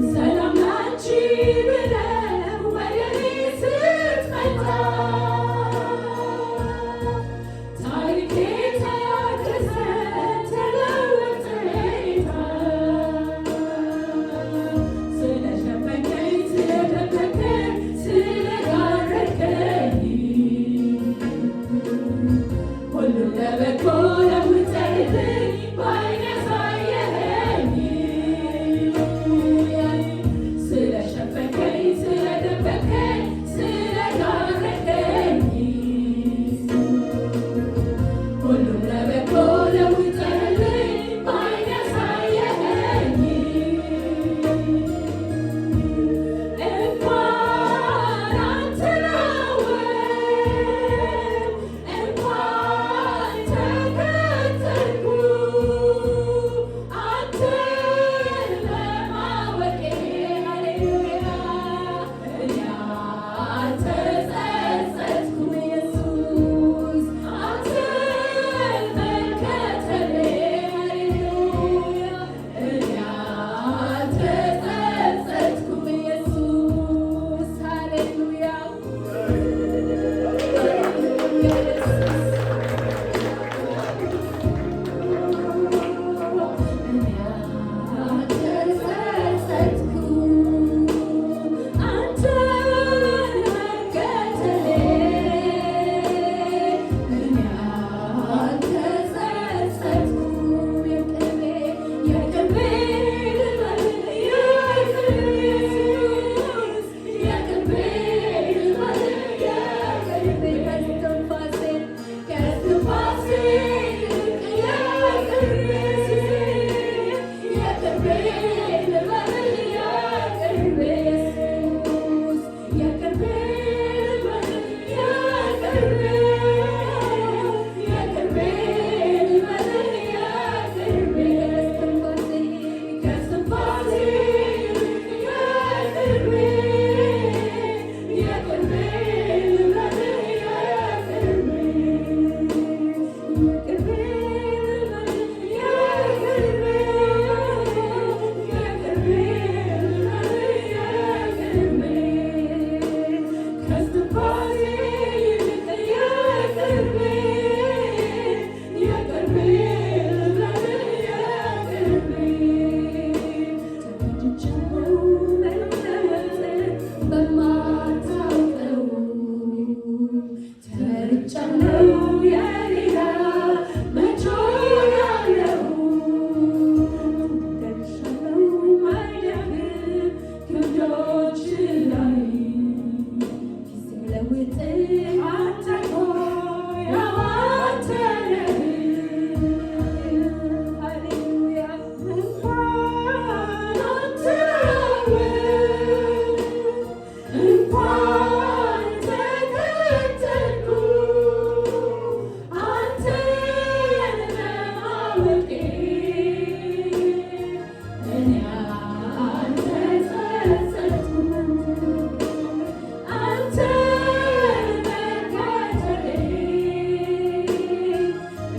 Seine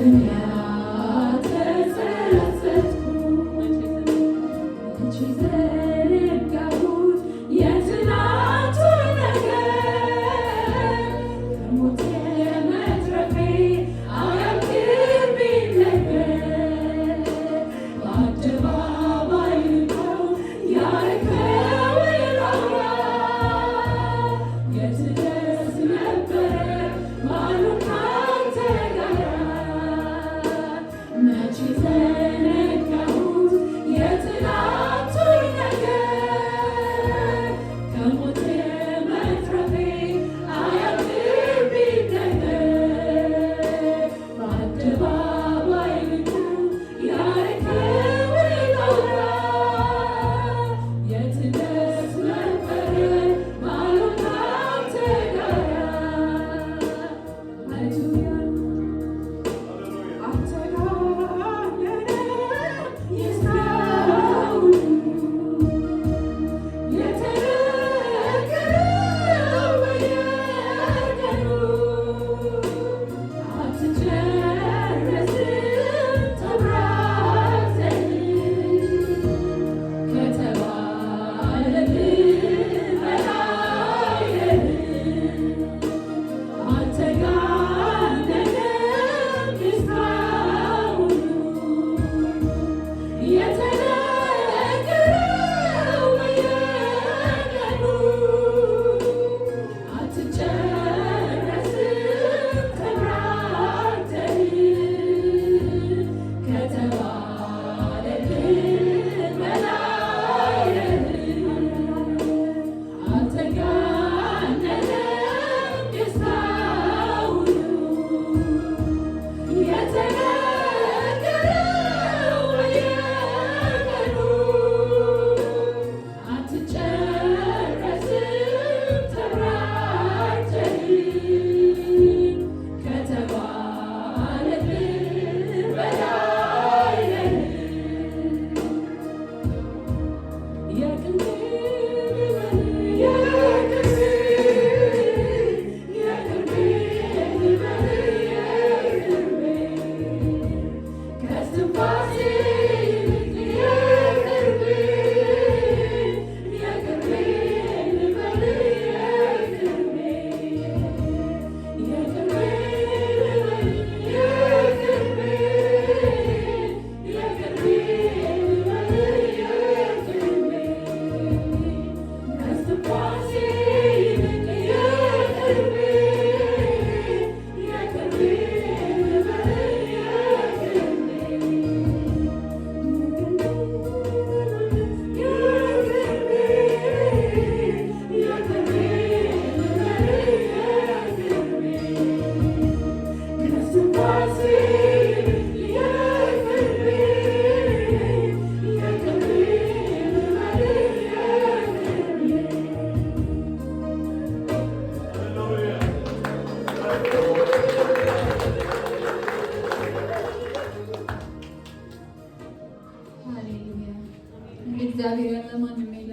Hallelujah.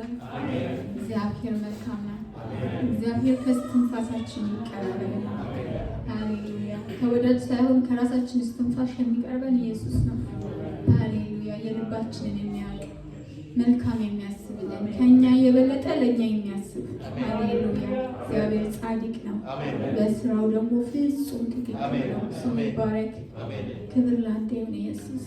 አይደለም። እግዚአብሔር መልካም ነው። እግዚአብሔር ከስትንፋሳችን ይቀርበናል። ሃሌሉያ። ከወዳጅ ሳይሆን ከራሳችን ስትንፋሽ የሚቀርበን ኢየሱስ ነው። ሃሌሉያ። የልባችንን የሚያውቅ መልካም የሚያስብልን ከኛ የበለጠ ለእኛ የሚያስብ ሌሉያ እግዚአብሔር ጻድቅ ነው፣ በስራው ደግሞ ፍጹም ትክክል ነው። ስሙ ይባረክ። ክብር ላንተ ይሁን ኢየሱስ።